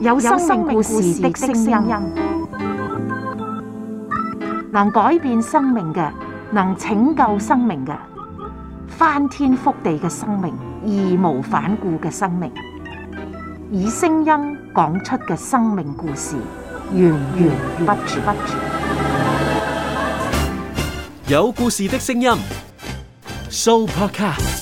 有生命故事的聲音，能改變生命嘅，能拯救生命嘅，翻天覆地嘅生命，義無反顧嘅生命，以聲音講出嘅生命故事，源源不絕。有故事的聲音，Soul Podcast。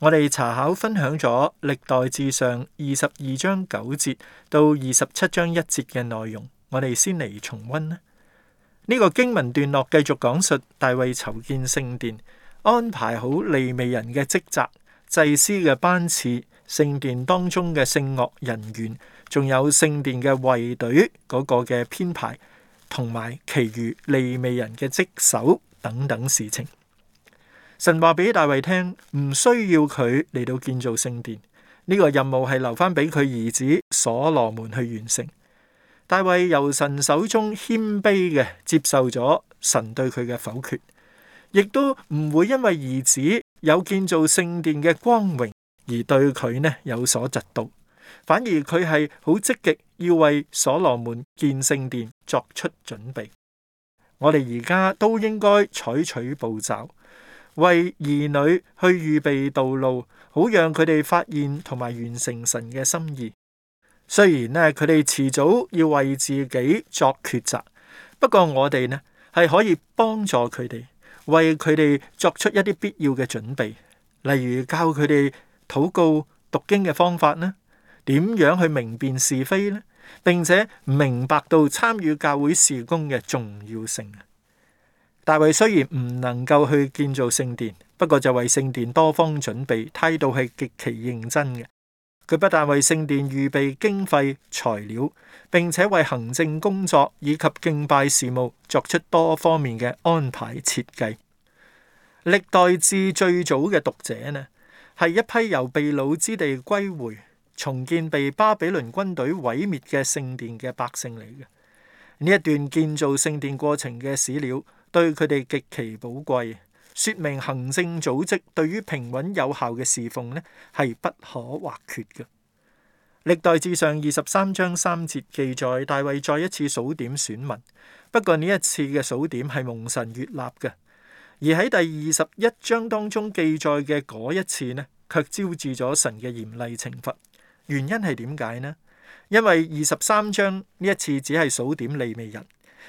我哋查考分享咗歷代志上二十二章九節到二十七章一節嘅內容，我哋先嚟重溫啦。呢個經文段落繼續講述大衛籌建聖殿，安排好利未人嘅職責、祭司嘅班次、聖殿當中嘅聖樂人員，仲有聖殿嘅衛隊嗰個嘅編排，同埋其餘利未人嘅職守等等事情。神話俾大衛聽，唔需要佢嚟到建造聖殿，呢個任務係留翻俾佢兒子所羅門去完成。大衛由神手中謙卑嘅接受咗神對佢嘅否決，亦都唔會因為兒子有建造聖殿嘅光榮而對佢呢有所嫉妒，反而佢係好積極要為所羅門建聖殿作出準備。我哋而家都應該採取步驟。為兒女去預備道路，好讓佢哋發現同埋完成神嘅心意。雖然咧，佢哋遲早要為自己作抉擇，不過我哋呢係可以幫助佢哋，為佢哋作出一啲必要嘅準備，例如教佢哋禱告、讀經嘅方法呢，點樣去明辨是非呢，並且明白到參與教會事工嘅重要性。大衛雖然唔能夠去建造聖殿，不過就為聖殿多方準備，態度，係極其認真嘅。佢不但為聖殿預備經費材料，並且為行政工作以及敬拜事務作出多方面嘅安排設計。歷代至最早嘅讀者呢，係一批由秘魯之地歸回重建被巴比倫軍隊毀滅嘅聖殿嘅百姓嚟嘅。呢一段建造聖殿過程嘅史料，對佢哋極其寶貴，說明行政組織對於平穩有效嘅侍奉呢係不可或缺嘅。歷代志上二十三章三節記載，大衛再一次數點選民，不過呢一次嘅數點係蒙神悅納嘅，而喺第二十一章當中記載嘅嗰一次呢，卻招致咗神嘅嚴厲懲罰。原因係點解呢？因為二十三章呢一次只係數點利未人。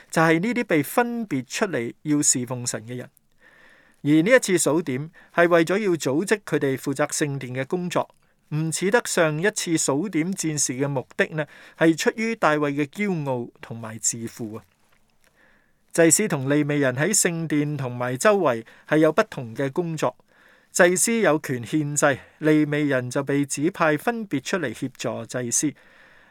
就係呢啲被分別出嚟，要侍奉神嘅人，而呢一次數點係為咗要組織佢哋負責聖殿嘅工作，唔似得上一次數點戰士嘅目的呢，係出於大衛嘅驕傲同埋自負啊。祭司同利未人喺聖殿同埋周圍係有不同嘅工作，祭司有權獻祭，利未人就被指派分別出嚟協助祭司，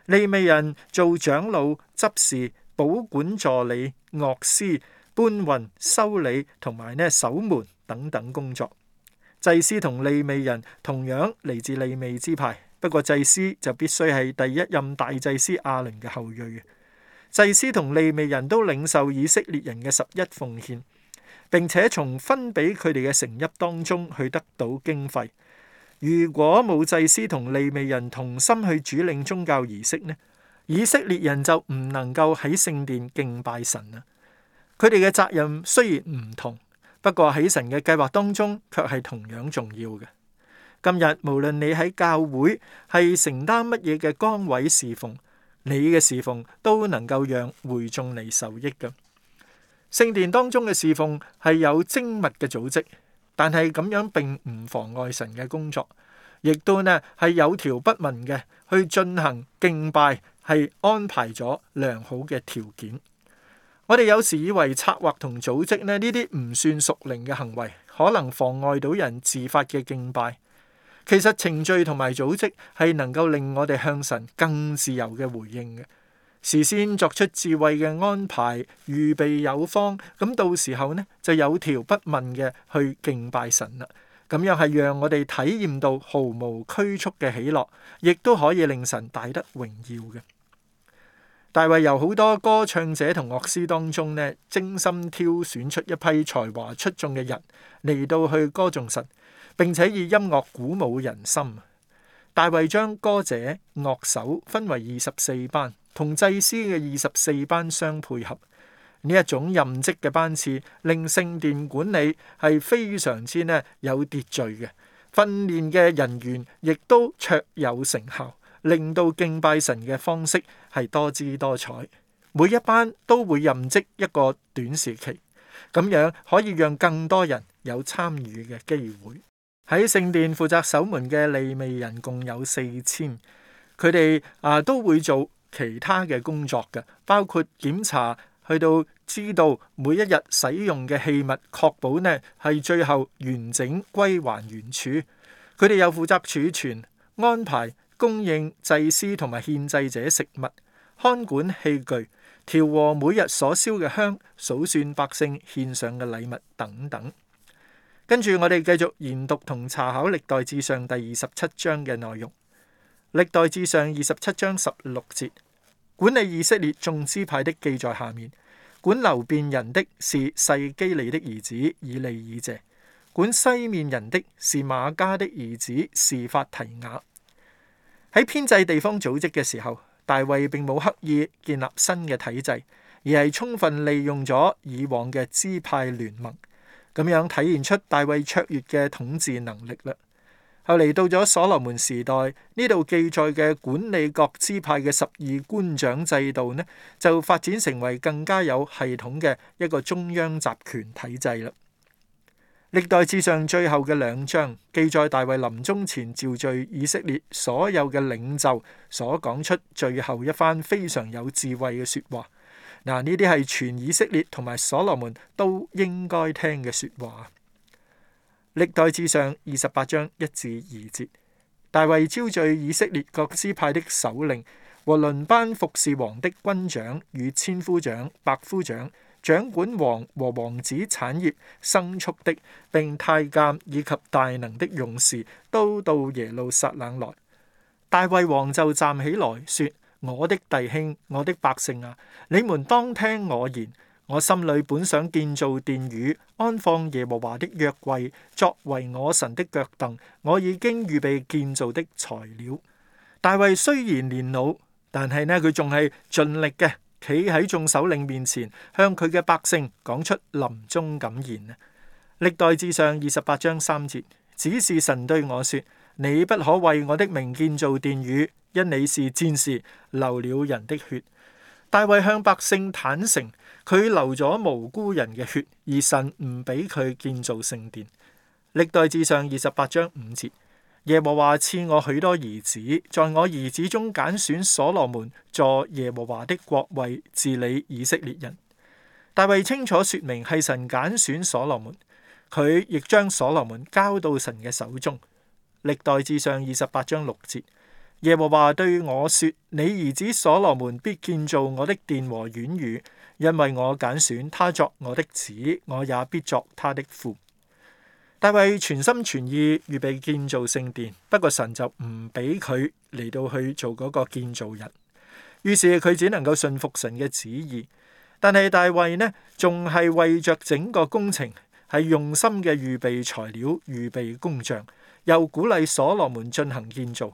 利未人做長老執事，保管助理、樂師、搬運、修理同埋咧守門等等工作。祭司同利未人同樣嚟自利未支派，不過祭司就必須係第一任大祭司亞倫嘅後裔。祭司同利未人都領受以色列人嘅十一奉獻，並且從分俾佢哋嘅城邑當中去得到經費。如果冇祭司同利未人同心去主領宗教儀式咧？以色列人就唔能夠喺聖殿敬拜神啦。佢哋嘅責任雖然唔同，不過喺神嘅計劃當中卻係同樣重要嘅。今日無論你喺教會係承擔乜嘢嘅崗位侍奉，你嘅侍奉都能夠讓會眾嚟受益嘅。聖殿當中嘅侍奉係有精密嘅組織，但係咁樣並唔妨礙神嘅工作。亦都咧係有條不紊嘅去進行敬拜，係安排咗良好嘅條件。我哋有時以為策劃同組織咧呢啲唔算屬靈嘅行為，可能妨礙到人自發嘅敬拜。其實程序同埋組織係能夠令我哋向神更自由嘅回應嘅。事先作出智慧嘅安排，預備有方，咁到時候呢，就有條不紊嘅去敬拜神啦。咁樣係讓我哋體驗到毫無拘束嘅喜樂，亦都可以令神大得榮耀嘅。大衛由好多歌唱者同樂師當中咧，精心挑選出一批才華出眾嘅人嚟到去歌頌神，並且以音樂鼓舞人心。大衛將歌者、樂手分為二十四班，同祭司嘅二十四班相配合。呢一種任職嘅班次，令聖殿管理係非常之咧有秩序嘅。訓練嘅人員亦都卓有成效，令到敬拜神嘅方式係多姿多彩。每一班都會任職一個短時期，咁樣可以讓更多人有參與嘅機會。喺聖殿負責守門嘅利未人共有四千，佢哋啊都會做其他嘅工作嘅，包括檢查，去到知道每一日使用嘅器物，確保呢係最後完整歸還原處。佢哋又負責儲存、安排供應祭司同埋獻祭者食物、看管器具、調和每日所燒嘅香、數算百姓獻上嘅禮物等等。跟住我哋繼續研讀同查考《歷代至上》第二十七章嘅內容，《歷代志上》二十七章十六節。管理以色列眾支派的記在下面：管流便人的是細基利的兒子以利以謝；管西面人的是馬加的兒子示法提雅。喺編制地方組織嘅時候，大衛並冇刻意建立新嘅體制，而係充分利用咗以往嘅支派聯盟，咁樣體現出大衛卓越嘅統治能力嘞。後嚟到咗所羅門時代，呢度記載嘅管理各支派嘅十二官長制度呢，就發展成為更加有系統嘅一個中央集權體制啦。歷代志上最後嘅兩章，記載大衛臨終前召聚以色列所有嘅領袖，所講出最後一番非常有智慧嘅説話。嗱、啊，呢啲係全以色列同埋所羅門都應該聽嘅説話。歷代志上二十八章一至二節，大衛招聚以色列各支派的首領和輪班服侍王的軍長與千夫長、百夫長、掌管王和王子產業牲畜的，並太監以及大能的勇士，都到耶路撒冷來。大衛王就站起來說：我的弟兄、我的百姓啊，你們當聽我言。我心裏本想建造殿宇，安放耶和華的約櫃，作為我神的腳凳。我已經預備建造的材料。大衛雖然年老，但係呢，佢仲係盡力嘅，企喺眾首領面前，向佢嘅百姓講出臨終感言。歷代志上二十八章三節，只是神對我說：你不可為我的名建造殿宇，因你是戰士，流了人的血。大衛向百姓坦誠。佢流咗無辜人嘅血，而神唔俾佢建造聖殿。歷代志上二十八章五節：耶和華賜我許多兒子，在我兒子中揀選所羅門坐耶和華的國位，治理以色列人。大衛清楚說明係神揀選所羅門，佢亦將所羅門交到神嘅手中。歷代志上二十八章六節：耶和華對我說：你兒子所羅門必建造我的殿和院宇。因為我揀選他作我的子，我也必作他的父。大衛全心全意預備建造聖殿，不過神就唔俾佢嚟到去做嗰個建造人。於是佢只能夠信服神嘅旨意。但係大衛呢，仲係為着整個工程係用心嘅預備材料、預備工匠，又鼓勵所羅門進行建造。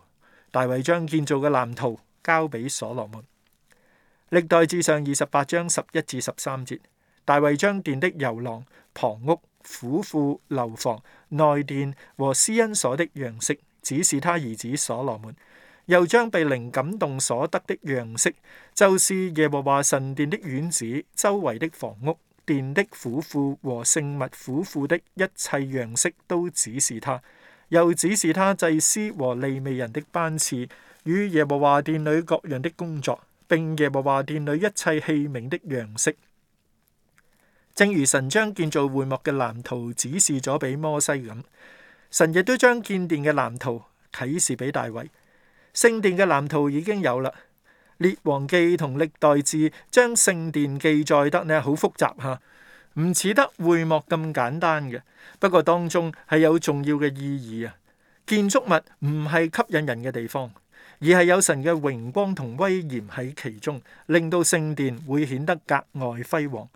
大衛將建造嘅藍圖交俾所羅門。歷代志上二十八章十一至十三節，大衛將殿的遊廊、旁屋、府庫、樓房、內殿和施恩所的樣式指示他兒子所羅門，又將被靈感動所得的樣式，就是耶和華神殿的院子周圍的房屋、殿的府庫和聖物府庫的一切樣式都指示他，又指示他祭司和利未人的班次與耶和華殿裏各樣的工作。並耶和華殿裏一切器皿的樣式，正如神將建造會幕嘅藍圖指示咗俾摩西咁，神亦都將建殿嘅藍圖啟示俾大衛。聖殿嘅藍圖已經有啦，《列王記》同《歷代志》將聖殿記載得呢好複雜吓，唔似得會幕咁簡單嘅。不過當中係有重要嘅意義啊！建築物唔係吸引人嘅地方。而係有神嘅榮光同威嚴喺其中，令到聖殿會顯得格外輝煌。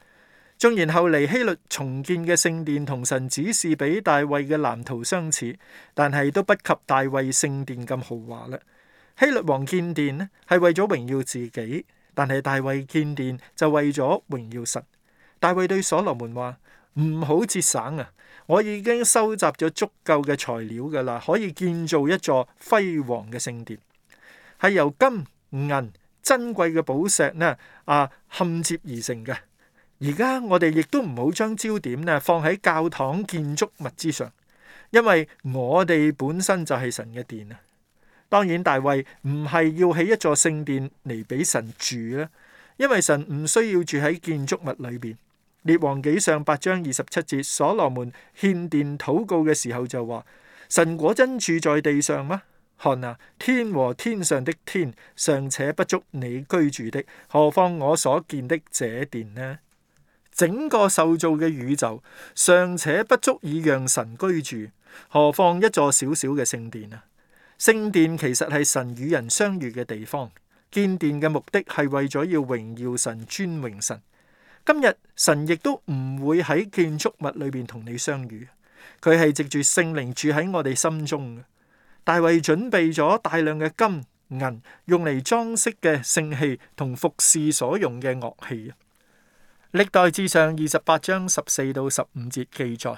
縱然後嚟希律重建嘅聖殿同神指示俾大衛嘅藍圖相似，但係都不及大衛聖殿咁豪華啦。希律王建殿呢係為咗榮耀自己，但係大衛建殿就為咗榮耀神。大衛對所羅門話：唔好節省啊！我已經收集咗足夠嘅材料㗎啦，可以建造一座輝煌嘅聖殿。係由金銀珍貴嘅寶石呢啊，焊接而成嘅。而家我哋亦都唔好將焦點呢放喺教堂建築物之上，因為我哋本身就係神嘅殿啊。當然大衛唔係要起一座聖殿嚟俾神住啦，因為神唔需要住喺建築物裏邊。列王紀上八章二十七節，所羅門獻殿禱告嘅時候就話：神果真住在地上嗎？看啊，天和天上的天尚且不足你居住的，何況我所建的這殿呢？整個受造嘅宇宙尚且不足以讓神居住，何況一座小小嘅聖殿啊！聖殿其實係神與人相遇嘅地方。建殿嘅目的係為咗要榮耀神、尊榮神。今日神亦都唔會喺建築物裏邊同你相遇，佢係藉住聖靈住喺我哋心中嘅。大衛準備咗大量嘅金銀，用嚟裝飾嘅聖器同服侍所用嘅樂器啊。歷代志上二十八章十四到十五節記載，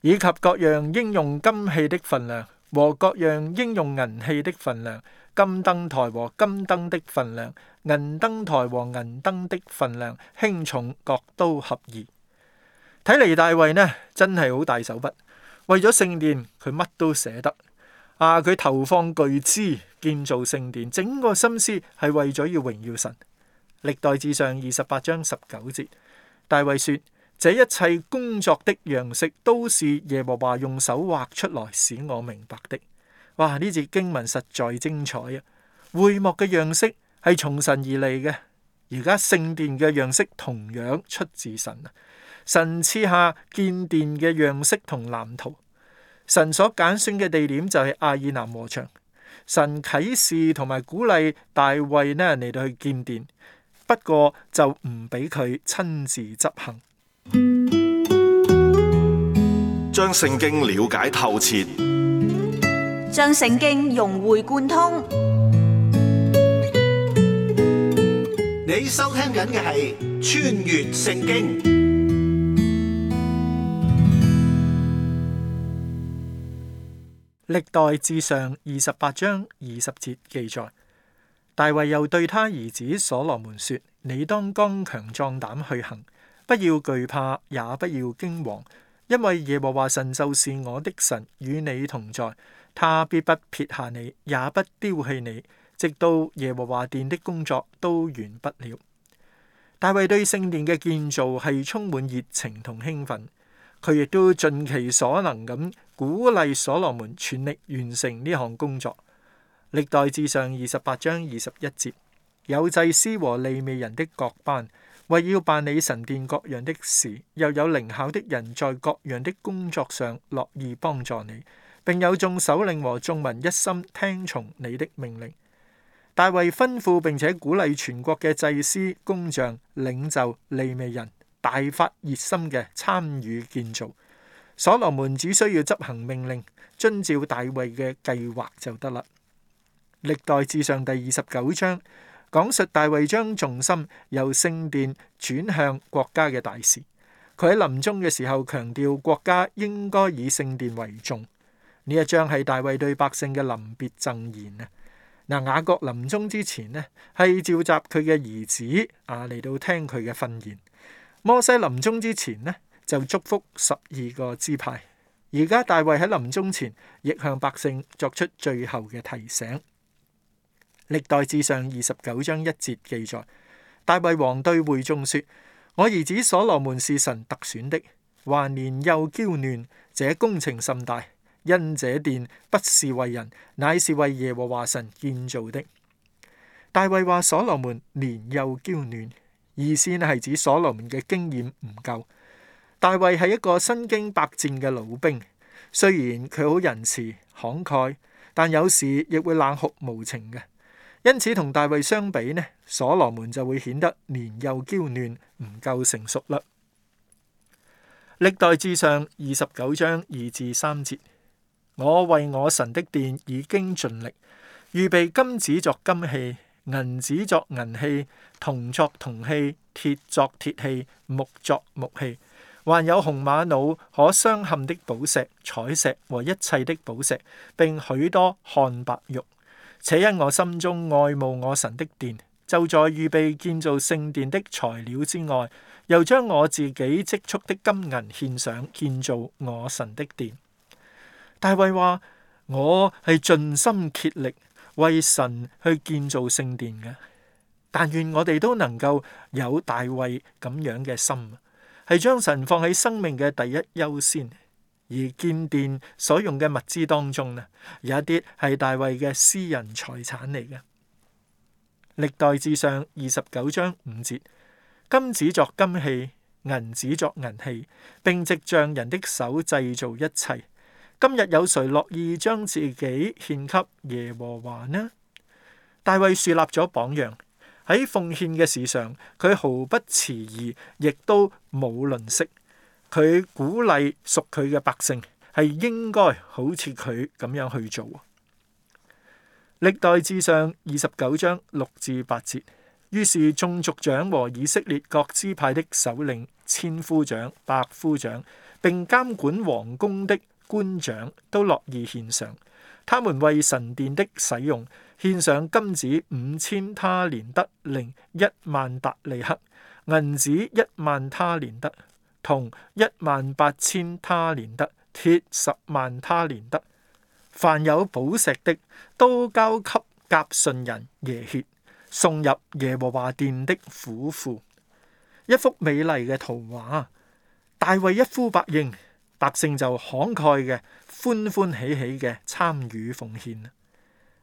以及各樣應用金器的分量和各樣應用銀器的分量，金燈台和金燈的分量，銀燈台和銀燈的分量，輕重各都合宜。睇嚟大衛呢真係好大手筆，為咗聖殿，佢乜都捨得。啊！佢投放巨資建造聖殿，整個心思係為咗要榮耀神。歷代志上二十八章十九節，大衛說：這一切工作的樣式都是耶和華用手畫出來，使我明白的。哇！呢節經文實在精彩啊！會幕嘅樣式係從神而嚟嘅，而家聖殿嘅樣式同樣出自神啊！神賜下建殿嘅樣式同藍圖。神所揀選嘅地點就係亞爾南禾場神啟示同埋鼓勵大衛呢嚟，到去建殿，不過就唔俾佢親自執行。將聖經了解透徹，將聖經融會貫通。你收聽緊嘅係《穿越聖經》。歷代志上二十八章二十節記載，大衛又對他兒子所羅門說：你當剛強壯膽去行，不要懼怕，也不要驚惶，因為耶和華神就是我的神，與你同在，他必不撇下你，也不丟棄你，直到耶和華殿的工作都完不了。大衛對聖殿嘅建造係充滿熱情同興奮，佢亦都盡其所能咁。鼓勵所羅門全力完成呢項工作。歷代志上二十八章二十一節：有祭司和利未人的各班，為要辦理神殿各樣的事；又有靈巧的人在各樣的工作上樂意幫助你，並有眾首領和眾民一心聽從你的命令。大衛吩咐並且鼓勵全國嘅祭司、工匠、領袖、利未人，大發熱心嘅參與建造。所羅門只需要執行命令，遵照大衛嘅計劃就得啦。歷代志上第二十九章講述大衛將重心由聖殿轉向國家嘅大事。佢喺臨終嘅時候強調國家應該以聖殿為重。呢一章係大衛對百姓嘅臨別贈言啊！嗱，雅各臨終之前呢，係召集佢嘅兒子啊嚟到聽佢嘅訓言。摩西臨終之前呢，就祝福十二個支派。而家大衛喺臨終前亦向百姓作出最後嘅提醒。歷代志上二十九章一節記載，大衛王對會眾說：我兒子所羅門是神特選的，還年幼嬌嫩，這工程甚大，因這殿不是為人，乃是為耶和華神建造的。大衛話：所羅門年幼嬌嫩，意思係指所羅門嘅經驗唔夠。大衛係一個身經百戰嘅老兵，雖然佢好仁慈慷慨，但有時亦會冷酷無情嘅。因此，同大衛相比呢，所羅門就會顯得年幼嬌嫩，唔夠成熟嘞。歷代志上二十九章二至三節：我為我神的殿已經盡力預備金子作金器，銀子作銀器，銅作銅器，鐵作鐵器，木作木器。還有紅瑪瑙、可鑲嵌的寶石、彩石和一切的寶石，並許多漢白玉。且因我心中愛慕我神的殿，就在預備建造聖殿的材料之外，又將我自己積蓄的金銀獻上，建造我神的殿。大衛話：我係盡心竭力為神去建造聖殿嘅。但願我哋都能夠有大衛咁樣嘅心。係將神放喺生命嘅第一優先，而建殿所用嘅物資當中呢，有一啲係大衛嘅私人財產嚟嘅。歷代志上二十九章五節：金子作金器，銀子作銀器，並藉匠人的手製造一切。今日有誰樂意將自己獻給耶和華呢？大衛樹立咗榜樣。喺奉獻嘅事上，佢毫不遲疑，亦都冇吝惜。佢鼓勵屬佢嘅百姓，係應該好似佢咁樣去做。歷代志上二十九章六至八節，於是眾族長和以色列各支派的首領、千夫長、百夫長，並監管王宮的官長，都樂意獻上，他們為神殿的使用。獻上金子五千他連德零一萬達利克，銀子一萬他連德，銅一萬八千他連德，鐵十萬他連德。凡有寶石的，都交給甲信人耶歇，送入耶和華殿的府庫。一幅美麗嘅圖畫，大衛一呼百應，百姓就慷慨嘅、歡歡喜喜嘅參與奉獻。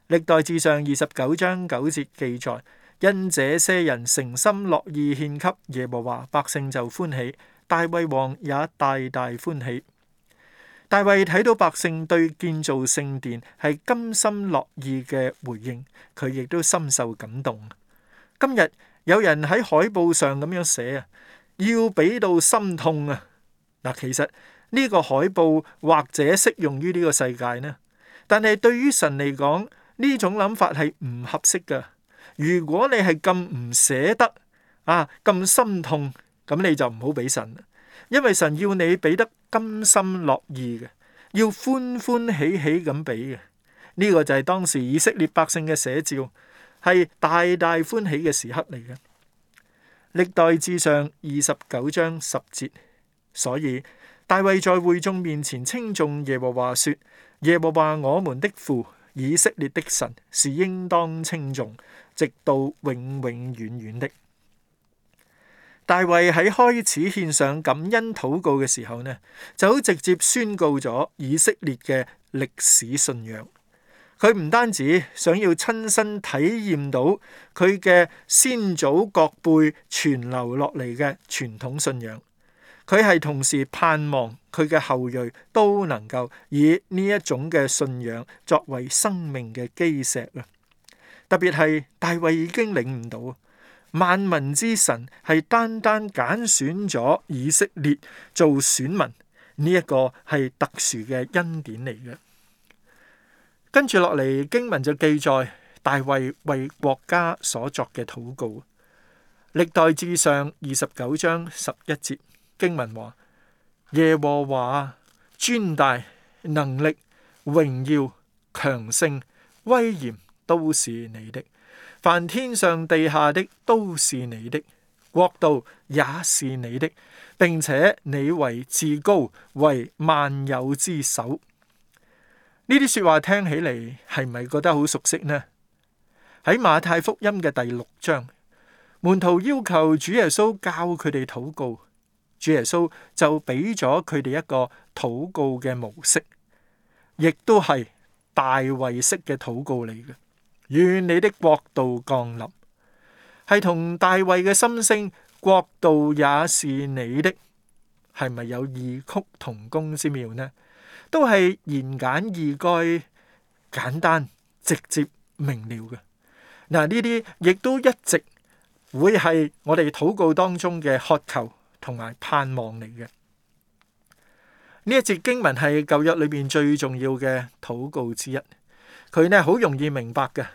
歷代志上二十九章九節記載：因這些人誠心樂意獻給耶和華，百姓就歡喜，大衛王也大大歡喜。大衛睇到百姓對建造聖殿係甘心樂意嘅回應，佢亦都深受感動。今日有人喺海報上咁樣寫啊，要俾到心痛啊！嗱，其實呢個海報或者適用於呢個世界呢，但係對於神嚟講，呢種諗法係唔合適嘅。如果你係咁唔捨得啊，咁心痛，咁你就唔好俾神，因為神要你俾得甘心樂意嘅，要歡歡喜喜咁俾嘅。呢、這個就係當時以色列百姓嘅寫照，係大大歡喜嘅時刻嚟嘅。歷代志上二十九章十節，所以大衛在會眾面前稱頌耶和華，說：耶和華我們的父。以色列的神是應當稱頌，直到永永遠遠的。大衛喺開始獻上感恩禱告嘅時候呢，就好直接宣告咗以色列嘅歷史信仰。佢唔單止想要親身體驗到佢嘅先祖國輩傳留落嚟嘅傳統信仰。佢係同時盼望佢嘅後裔都能夠以呢一種嘅信仰作為生命嘅基石啊！特別係大衛已經領悟到啊，萬民之神係單單揀選咗以色列做選民呢一個係特殊嘅恩典嚟嘅。跟住落嚟經文就記載大衛為國家所作嘅禱告，歷代志上二十九章十一節。經文話：耶和華尊大能力榮耀強盛威嚴都是你的，凡天上地下的都是你的國度也是你的，並且你為至高為萬有之首。呢啲說話聽起嚟係咪覺得好熟悉呢？喺馬太福音嘅第六章，門徒要求主耶穌教佢哋禱告。主耶穌就俾咗佢哋一個禱告嘅模式，亦都係大衛式嘅禱告嚟嘅。願你的國度降臨，係同大衛嘅心聲，國度也是你的，係咪有異曲同工之妙呢？都係言簡意賅、簡單、直接、明了嘅。嗱，呢啲亦都一直會係我哋禱告當中嘅渴求。同埋盼望嚟嘅，呢一節經文係舊約裏邊最重要嘅禱告之一。佢呢好容易明白嘅，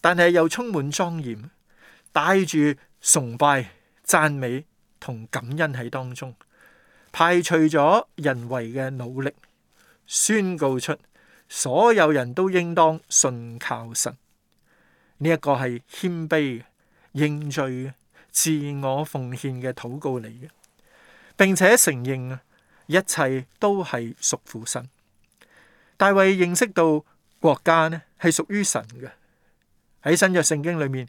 但係又充滿莊嚴，帶住崇拜、讚美同感恩喺當中，排除咗人為嘅努力，宣告出所有人都應當信靠神。呢、這、一個係謙卑認罪嘅。自我奉獻嘅禱告嚟嘅，並且承認啊，一切都係屬乎神。大衛認識到國家呢係屬於神嘅。喺新約聖經裏面，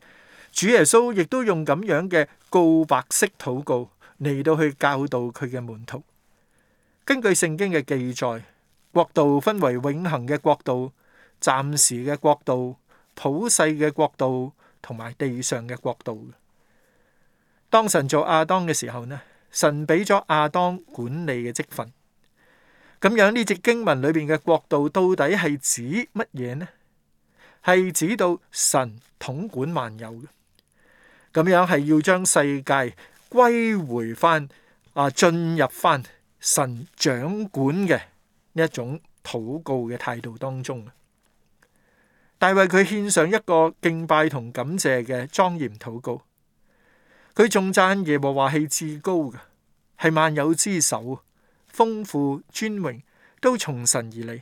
主耶穌亦都用咁樣嘅告白式禱告嚟到去教導佢嘅門徒。根據聖經嘅記載，國度分為永恆嘅國度、暫時嘅國度、普世嘅國度同埋地上嘅國度嘅。當神做亞當嘅時候呢，神俾咗亞當管理嘅職份，咁樣呢隻經文裏面嘅國度到底係指乜嘢呢？係指到神統管萬有嘅，咁樣係要將世界歸回翻啊，進入翻神掌管嘅一種禱告嘅態度當中啊！但為佢獻上一個敬拜同感謝嘅莊嚴禱告。佢仲讚耶和華係至高嘅，係萬有之首啊！豐富尊榮都從神而嚟。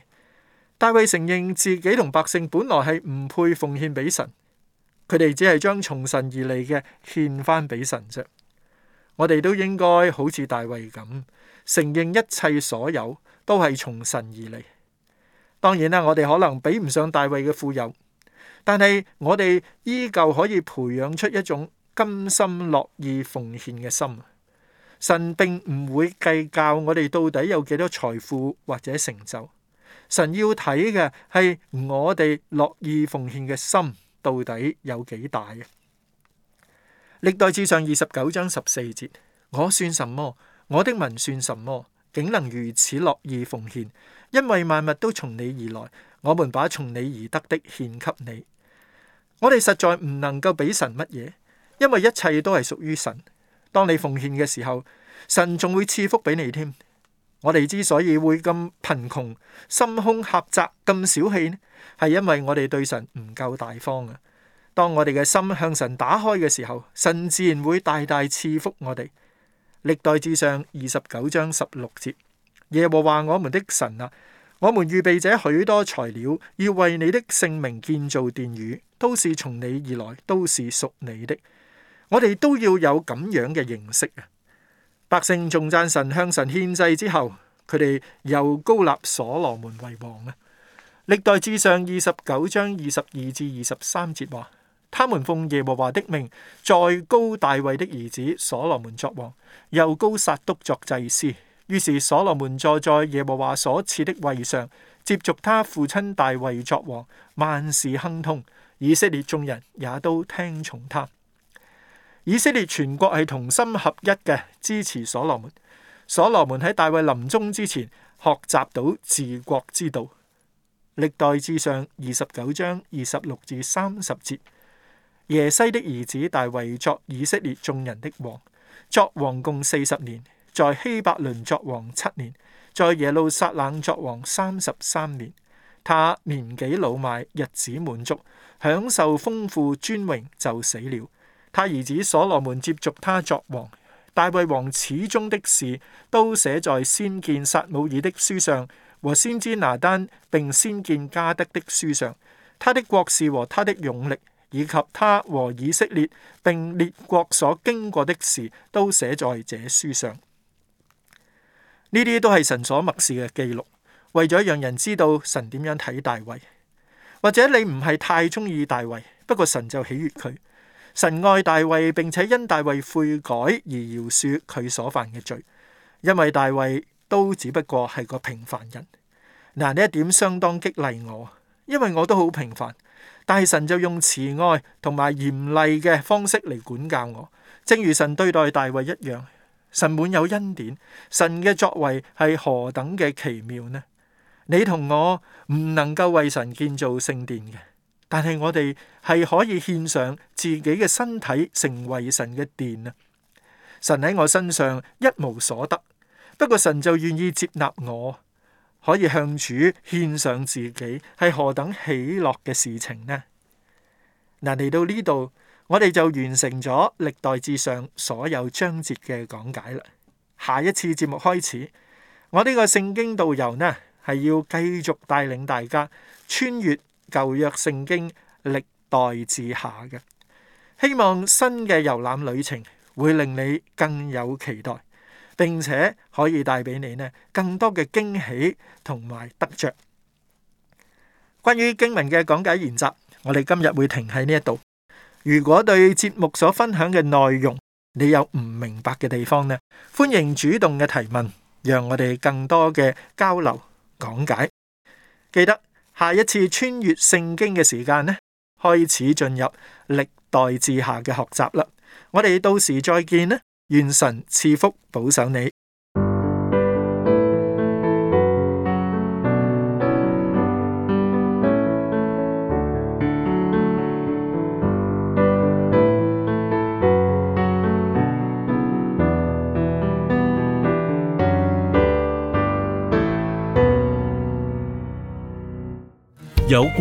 大衛承認自己同百姓本來係唔配奉獻俾神，佢哋只係將從神而嚟嘅獻翻俾神啫。我哋都應該好似大衛咁，承認一切所有都係從神而嚟。當然啦，我哋可能比唔上大衛嘅富有，但係我哋依舊可以培養出一種，甘心樂意奉獻嘅心，神並唔會計較我哋到底有幾多財富或者成就。神要睇嘅係我哋樂意奉獻嘅心到底有幾大。歷代志上二十九章十四節：我算什麼？我的民算什麼？竟能如此樂意奉獻？因為萬物都從你而來，我們把從你而得的獻給你。我哋實在唔能夠俾神乜嘢。因為一切都係屬於神。當你奉獻嘅時候，神仲會賜福俾你添。我哋之所以會咁貧窮、心胸狹窄、咁小氣呢？係因為我哋對神唔夠大方啊！當我哋嘅心向神打開嘅時候，神自然會大大賜福我哋。歷代志上二十九章十六節，耶和華我們的神啊，我們預備咗許多材料，要為你的聖名建造殿宇，都是從你而來，都是屬你的。我哋都要有咁樣嘅認識啊！百姓仲讚神，向神獻祭之後，佢哋又高立所羅門為王啊！歷代志上二十九章二十二至二十三節話：他們奉耶和華的命，再高大衛的兒子所羅門作王，又高撒督作祭司。於是所羅門坐在耶和華所賜的位上，接續他父親大衛作王，萬事亨通。以色列眾人也都聽從他。以色列全國係同心合一嘅支持所羅門。所羅門喺大衛臨終之前學習到治國之道。歷代志上二十九章二十六至三十節：耶西的兒子大衛作以色列眾人的王，作王共四十年，在希伯崙作王七年，在耶路撒冷作王三十三年。他年紀老邁，日子滿足，享受豐富尊榮，就死了。他兒子所羅門接續他作王，大衛王始終的事都寫在先見撒母耳的書上，和先知拿單並先見迦得的書上。他的國事和他的勇力，以及他和以色列並列國所經過的事，都寫在這書上。呢啲都係神所默示嘅記錄，為咗讓人知道神點樣睇大衛。或者你唔係太中意大衛，不過神就喜悅佢。神愛大衛，並且因大衛悔改而饒恕佢所犯嘅罪，因為大衛都只不過係個平凡人。嗱，呢一點相當激勵我，因為我都好平凡，但係神就用慈愛同埋嚴厲嘅方式嚟管教我，正如神對待大衛一樣。神滿有恩典，神嘅作為係何等嘅奇妙呢？你同我唔能夠為神建造聖殿嘅。但係我哋係可以獻上自己嘅身體成為神嘅殿啊！神喺我身上一無所得，不過神就願意接納我，可以向主獻上自己，係何等喜樂嘅事情呢？嗱，嚟到呢度，我哋就完成咗歷代志上所有章節嘅講解啦。下一次節目開始，我呢個聖經導遊呢係要繼續帶領大家穿越。舊約聖經歷代志下嘅，希望新嘅遊覽旅程會令你更有期待，並且可以帶俾你呢更多嘅驚喜同埋得着。關於經文嘅講解研習，我哋今日會停喺呢一度。如果對節目所分享嘅內容你有唔明白嘅地方呢，歡迎主動嘅提問，讓我哋更多嘅交流講解。記得。下一次穿越聖經嘅時間呢，開始進入歷代誌下嘅學習啦。我哋到時再見啦，願神賜福保守你。